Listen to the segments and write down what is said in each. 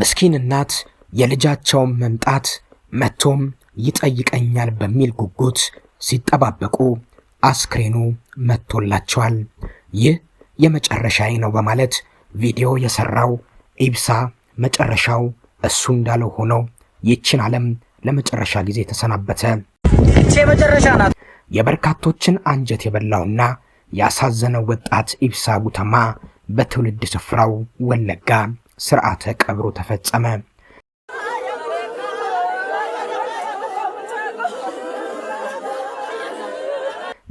ምስኪን እናት የልጃቸውን መምጣት መጥቶም ይጠይቀኛል በሚል ጉጉት ሲጠባበቁ አስክሬኑ መጥቶላቸዋል። ይህ የመጨረሻዬ ነው በማለት ቪዲዮ የሰራው ኢብሳ መጨረሻው እሱ እንዳለው ሆነው ይችን ዓለም ለመጨረሻ ጊዜ ተሰናበተ። ናት። የበርካቶችን አንጀት የበላውና ያሳዘነው ወጣት ኢብሳ ጉተማ በትውልድ ስፍራው ወለጋ ስርዓተ ቀብሩ ተፈጸመ።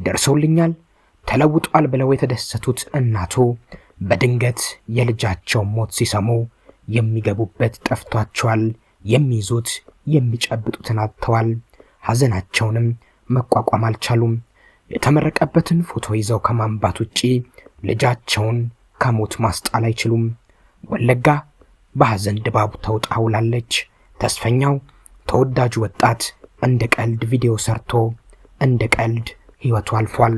ደርሶልኛል ተለውጧል ብለው የተደሰቱት እናቱ በድንገት የልጃቸው ሞት ሲሰሙ የሚገቡበት ጠፍቷቸዋል። የሚይዙት የሚጨብጡትን አጥተዋል። ሐዘናቸውንም መቋቋም አልቻሉም። የተመረቀበትን ፎቶ ይዘው ከማንባት ውጪ ልጃቸውን ከሞት ማስጣል አይችሉም። ወለጋ በሐዘን ድባቡ ተውጣ ውላለች። ተስፈኛው ተወዳጁ ወጣት እንደ ቀልድ ቪዲዮ ሰርቶ እንደ ቀልድ ሕይወቱ አልፏል።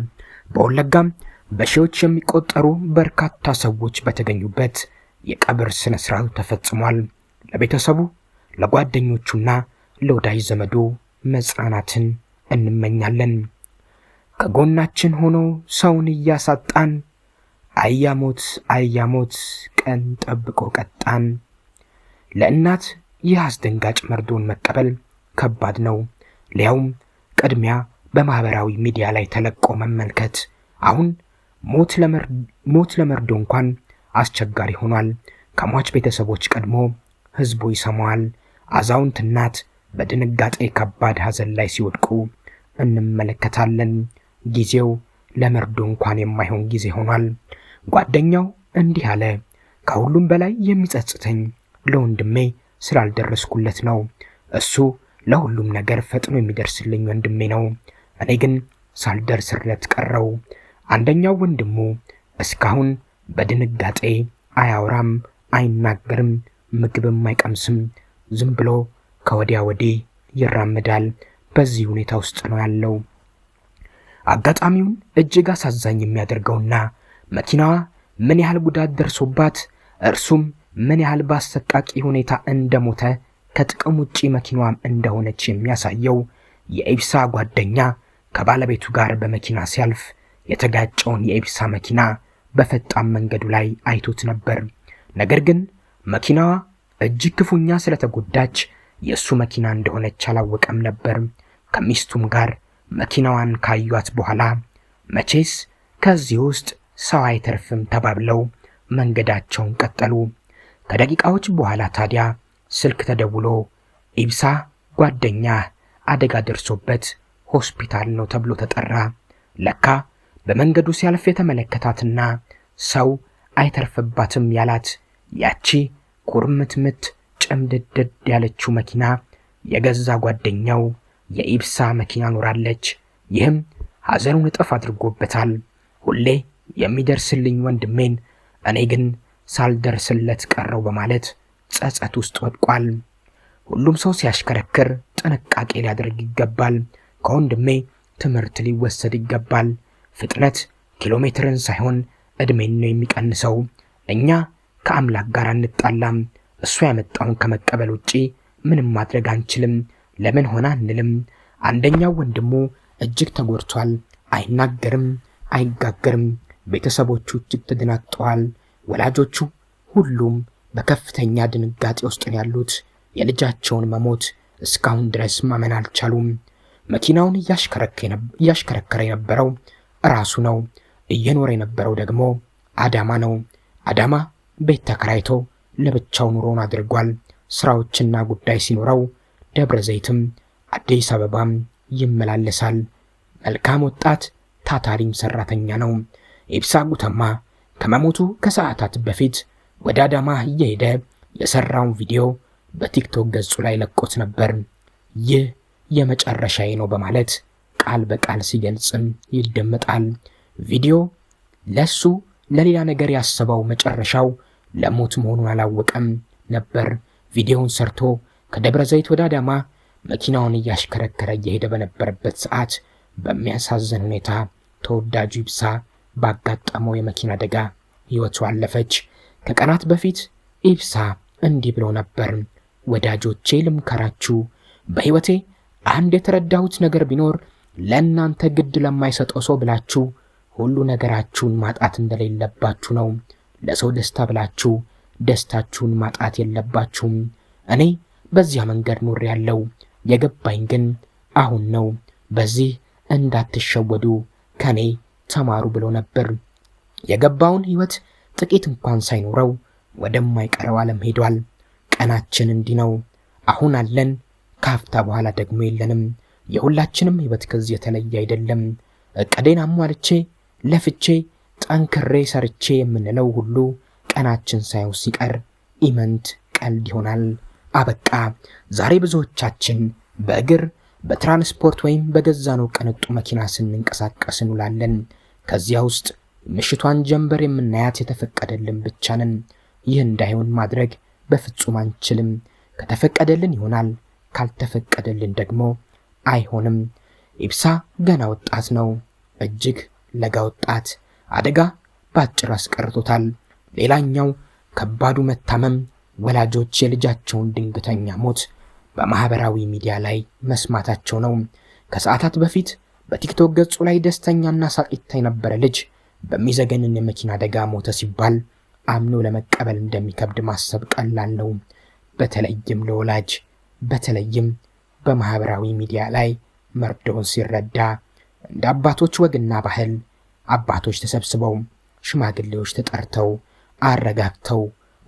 በወለጋም በሺዎች የሚቆጠሩ በርካታ ሰዎች በተገኙበት የቀብር ስነ ሥርዓቱ ተፈጽሟል። ለቤተሰቡ ለጓደኞቹና ለወዳጅ ዘመዱ መጽናናትን እንመኛለን። ከጎናችን ሆኖ ሰውን እያሳጣን አያሞት አያሞት ቀን ጠብቆ ቀጣን። ለእናት ይህ አስደንጋጭ መርዶን መቀበል ከባድ ነው። ሊያውም ቅድሚያ በማኅበራዊ ሚዲያ ላይ ተለቆ መመልከት። አሁን ሞት ለመርዶ እንኳን አስቸጋሪ ሆኗል። ከሟች ቤተሰቦች ቀድሞ ሕዝቡ ይሰማዋል። አዛውንት እናት በድንጋጤ ከባድ ሐዘን ላይ ሲወድቁ እንመለከታለን። ጊዜው ለመርዶ እንኳን የማይሆን ጊዜ ሆኗል። ጓደኛው እንዲህ አለ። ከሁሉም በላይ የሚጸጽተኝ ለወንድሜ ስላልደረስኩለት ነው። እሱ ለሁሉም ነገር ፈጥኖ የሚደርስልኝ ወንድሜ ነው። እኔ ግን ሳልደርስለት ቀረው። አንደኛው ወንድሙ እስካሁን በድንጋጤ አያወራም፣ አይናገርም፣ ምግብም አይቀምስም። ዝም ብሎ ከወዲያ ወዲህ ይራምዳል። በዚህ ሁኔታ ውስጥ ነው ያለው። አጋጣሚውን እጅግ አሳዛኝ የሚያደርገውና መኪናዋ ምን ያህል ጉዳት ደርሶባት እርሱም ምን ያህል በአሰቃቂ ሁኔታ እንደሞተ ከጥቅም ውጪ መኪናዋም እንደሆነች የሚያሳየው የኤብሳ ጓደኛ ከባለቤቱ ጋር በመኪና ሲያልፍ የተጋጨውን የኤብሳ መኪና በፈጣን መንገዱ ላይ አይቶት ነበር። ነገር ግን መኪናዋ እጅግ ክፉኛ ስለተጎዳች የእሱ መኪና እንደሆነች አላወቀም ነበር። ከሚስቱም ጋር መኪናዋን ካዩት በኋላ መቼስ ከዚህ ውስጥ ሰው አይተርፍም ተባብለው መንገዳቸውን ቀጠሉ። ከደቂቃዎች በኋላ ታዲያ ስልክ ተደውሎ ኢብሳ ጓደኛ አደጋ ደርሶበት ሆስፒታል ነው ተብሎ ተጠራ። ለካ በመንገዱ ሲያልፍ የተመለከታትና ሰው አይተርፍባትም ያላት ያቺ ኩርምትምት ጭምድድድ ያለችው መኪና የገዛ ጓደኛው የኢብሳ መኪና ኖራለች። ይህም ሐዘኑን እጥፍ አድርጎበታል። ሁሌ የሚደርስልኝ ወንድሜን እኔ ግን ሳልደርስለት ቀረው በማለት ጸጸት ውስጥ ወድቋል። ሁሉም ሰው ሲያሽከረክር ጥንቃቄ ሊያደርግ ይገባል። ከወንድሜ ትምህርት ሊወሰድ ይገባል። ፍጥነት ኪሎ ሜትርን ሳይሆን ዕድሜን ነው የሚቀንሰው። እኛ ከአምላክ ጋር አንጣላም። እሱ ያመጣውን ከመቀበል ውጪ ምንም ማድረግ አንችልም። ለምን ሆነ አንልም። አንደኛው ወንድሙ እጅግ ተጎድቷል። አይናገርም፣ አይጋገርም። ቤተሰቦቹ እጅግ ተደናግጠዋል። ወላጆቹ ሁሉም በከፍተኛ ድንጋጤ ውስጥ ነው ያሉት። የልጃቸውን መሞት እስካሁን ድረስ ማመን አልቻሉም። መኪናውን እያሽከረከረ የነበረው ራሱ ነው። እየኖረ የነበረው ደግሞ አዳማ ነው። አዳማ ቤት ተከራይቶ ለብቻው ኑሮውን አድርጓል። ስራዎችና ጉዳይ ሲኖረው ደብረ ዘይትም አዲስ አበባም ይመላለሳል። መልካም ወጣት ታታሪም ሰራተኛ ነው። ኤብሳ ጉተማ ከመሞቱ ከሰዓታት በፊት ወደ አዳማ እየሄደ የሰራውን ቪዲዮ በቲክቶክ ገጹ ላይ ለቆት ነበር። ይህ የመጨረሻዬ ነው በማለት ቃል በቃል ሲገልጽም ይደመጣል። ቪዲዮ ለሱ ለሌላ ነገር ያሰበው መጨረሻው ለሞት መሆኑን አላወቀም ነበር። ቪዲዮውን ሰርቶ ከደብረ ዘይት ወደ አዳማ መኪናውን እያሽከረከረ እየሄደ በነበረበት ሰዓት በሚያሳዝን ሁኔታ ተወዳጁ ይብሳ ባጋጠመው የመኪና አደጋ ሕይወቱ አለፈች። ከቀናት በፊት ኢብሳ እንዲህ ብሎ ነበር። ወዳጆቼ ልምከራችሁ፣ በሕይወቴ አንድ የተረዳሁት ነገር ቢኖር ለእናንተ ግድ ለማይሰጠው ሰው ብላችሁ ሁሉ ነገራችሁን ማጣት እንደሌለባችሁ ነው። ለሰው ደስታ ብላችሁ ደስታችሁን ማጣት የለባችሁም። እኔ በዚያ መንገድ ኑር ያለው የገባኝ ግን አሁን ነው። በዚህ እንዳትሸወዱ ከኔ ተማሩ ብሎ ነበር። የገባውን ህይወት ጥቂት እንኳን ሳይኖረው ወደማይቀረው ዓለም ሄዷል። ቀናችን እንዲህ ነው። አሁን አለን፣ ካፍታ በኋላ ደግሞ የለንም። የሁላችንም ህይወት ከዚህ የተለየ አይደለም። እቅዴን አሟልቼ ለፍቼ ጠንክሬ ሰርቼ የምንለው ሁሉ ቀናችን ሳይው ሲቀር ኢመንት ቀልድ ይሆናል። አበቃ። ዛሬ ብዙዎቻችን በእግር በትራንስፖርት ወይም በገዛነው ቅንጡ መኪና ስንንቀሳቀስ እንውላለን። ከዚያ ውስጥ ምሽቷን ጀንበር የምናያት የተፈቀደልን ብቻ ነን። ይህ እንዳይሆን ማድረግ በፍጹም አንችልም። ከተፈቀደልን ይሆናል፣ ካልተፈቀደልን ደግሞ አይሆንም። ኢብሳ ገና ወጣት ነው፣ እጅግ ለጋ ወጣት። አደጋ በአጭር አስቀርቶታል። ሌላኛው ከባዱ መታመም ወላጆች የልጃቸውን ድንገተኛ ሞት በማህበራዊ ሚዲያ ላይ መስማታቸው ነው። ከሰዓታት በፊት በቲክቶክ ገጹ ላይ ደስተኛና ሳቂታ የነበረ ልጅ በሚዘገንን የመኪና አደጋ ሞተ ሲባል አምኖ ለመቀበል እንደሚከብድ ማሰብ ቀላል ነው። በተለይም ለወላጅ በተለይም በማህበራዊ ሚዲያ ላይ መርዶውን ሲረዳ እንደ አባቶች ወግና ባህል አባቶች ተሰብስበው ሽማግሌዎች ተጠርተው አረጋግተው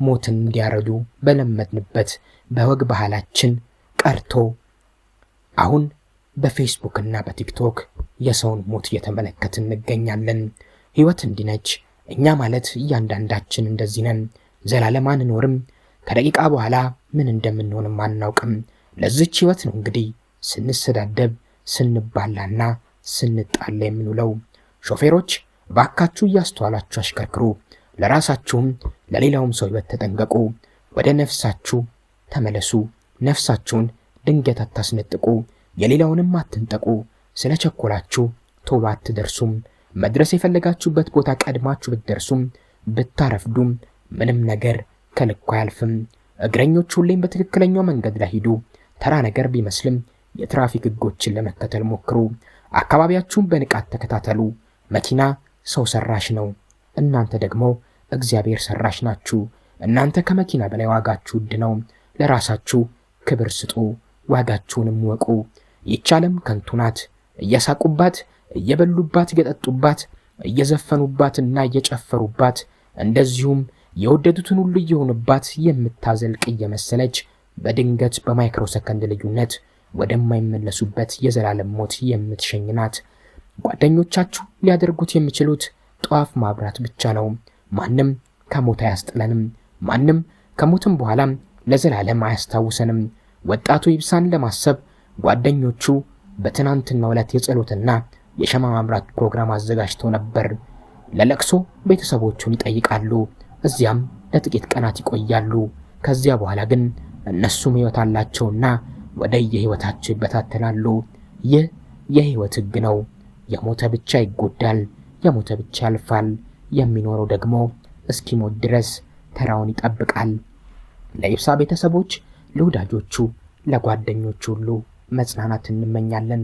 ሞትን እንዲያረዱ በለመድንበት በወግ ባህላችን ቀርቶ አሁን በፌስቡክ እና በቲክቶክ የሰውን ሞት እየተመለከት እንገኛለን። ህይወት እንዲነች እኛ ማለት እያንዳንዳችን እንደዚህ ነን። ዘላለም አንኖርም። ከደቂቃ በኋላ ምን እንደምንሆንም አናውቅም። ለዚች ህይወት ነው እንግዲህ ስንሰዳደብ፣ ስንባላና ስንጣላ የምንውለው። ሾፌሮች ባካችሁ እያስተዋላችሁ አሽከርክሩ። ለራሳችሁም ለሌላውም ሰው ህይወት ተጠንቀቁ። ወደ ነፍሳችሁ ተመለሱ። ነፍሳችሁን ድንገት አታስነጥቁ። የሌላውንም አትንጠቁ፣ ስለ ቸኮላችሁ ቶሎ አትደርሱም። መድረስ የፈለጋችሁበት ቦታ ቀድማችሁ ብትደርሱም ብታረፍዱም ምንም ነገር ከልኩ አያልፍም። እግረኞች ሁሌም በትክክለኛው መንገድ ላይ ሂዱ። ተራ ነገር ቢመስልም የትራፊክ ሕጎችን ለመከተል ሞክሩ። አካባቢያችሁን በንቃት ተከታተሉ። መኪና ሰው ሰራሽ ነው፣ እናንተ ደግሞ እግዚአብሔር ሰራሽ ናችሁ። እናንተ ከመኪና በላይ ዋጋችሁ ውድ ነው። ለራሳችሁ ክብር ስጡ። ዋጋችሁንም ወቁ። ይህች ዓለም ከንቱ ናት። እየሳቁባት፣ እየበሉባት፣ እየጠጡባት፣ እየዘፈኑባትና እየጨፈሩባት እንደዚሁም የወደዱትን ሁሉ እየሆኑባት የምታዘልቅ እየመሰለች በድንገት በማይክሮሰከንድ ልዩነት ወደማይመለሱበት የዘላለም ሞት የምትሸኝ ናት። ጓደኞቻችሁ ሊያደርጉት የሚችሉት ጠዋፍ ማብራት ብቻ ነው። ማንም ከሞት አያስጥለንም። ማንም ከሞትም በኋላም ለዘላለም አያስታውሰንም። ወጣቱ ይብሳን ለማሰብ ጓደኞቹ በትናንትናው ዕለት የጸሎትና የሸማ ማምራት ፕሮግራም አዘጋጅተው ነበር። ለለቅሶ ቤተሰቦቹን ይጠይቃሉ። እዚያም ለጥቂት ቀናት ይቆያሉ። ከዚያ በኋላ ግን እነሱም ሕይወት አላቸውና ወደ የሕይወታቸው ይበታተናሉ። ይህ የሕይወት ሕግ ነው። የሞተ ብቻ ይጎዳል፣ የሞተ ብቻ ያልፋል። የሚኖረው ደግሞ እስኪሞት ድረስ ተራውን ይጠብቃል። ለይብሳ ቤተሰቦች ለወዳጆቹ ለጓደኞቹ ሁሉ መጽናናት እንመኛለን።